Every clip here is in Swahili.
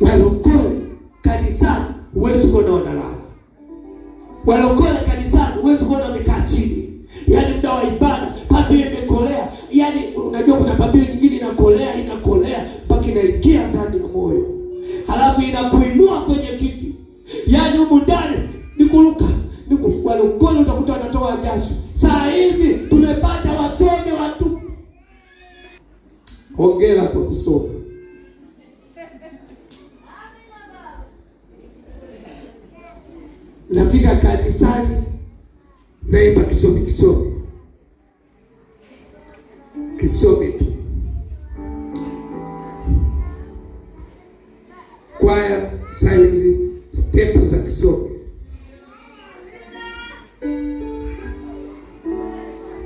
walokole kanisani huwezi kuona wanalala, walokole kanisani huwezi kuona wamekaa chini, yaani muda wa ibada pambio imekolea. Yaani unajua kuna pambio nyingine inakolea inakolea mpaka inaingia ndani ya moyo, halafu inakuinua kwenye kiti, yaani humu ndani ni kuruka. Walokole utakuta wanatoa jasho. Saa hizi tumepata wasomi watu, hongera kwa kusoma nafika kanisani, naimba kisomi kisomi kisomi tu, kwaya saizi stepu za kisomi.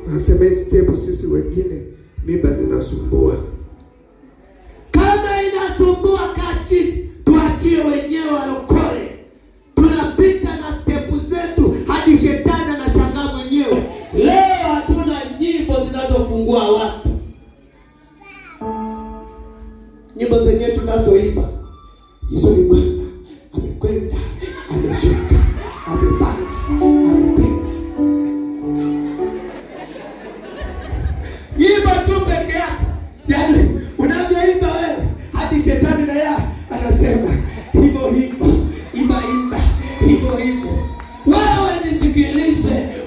Nasema stepu, sisi wengine mimba zinasumbua. nyimbo zenye tunazoimba hizo ni Bwana amekwenda, ameshuka, amepanda, amependa. Imba tu peke yake, yaani unavyoimba wewe, hadi shetani na yeye anasema hivyo hivyo, imba imba hivyo hivyo. Wewe nisikilize.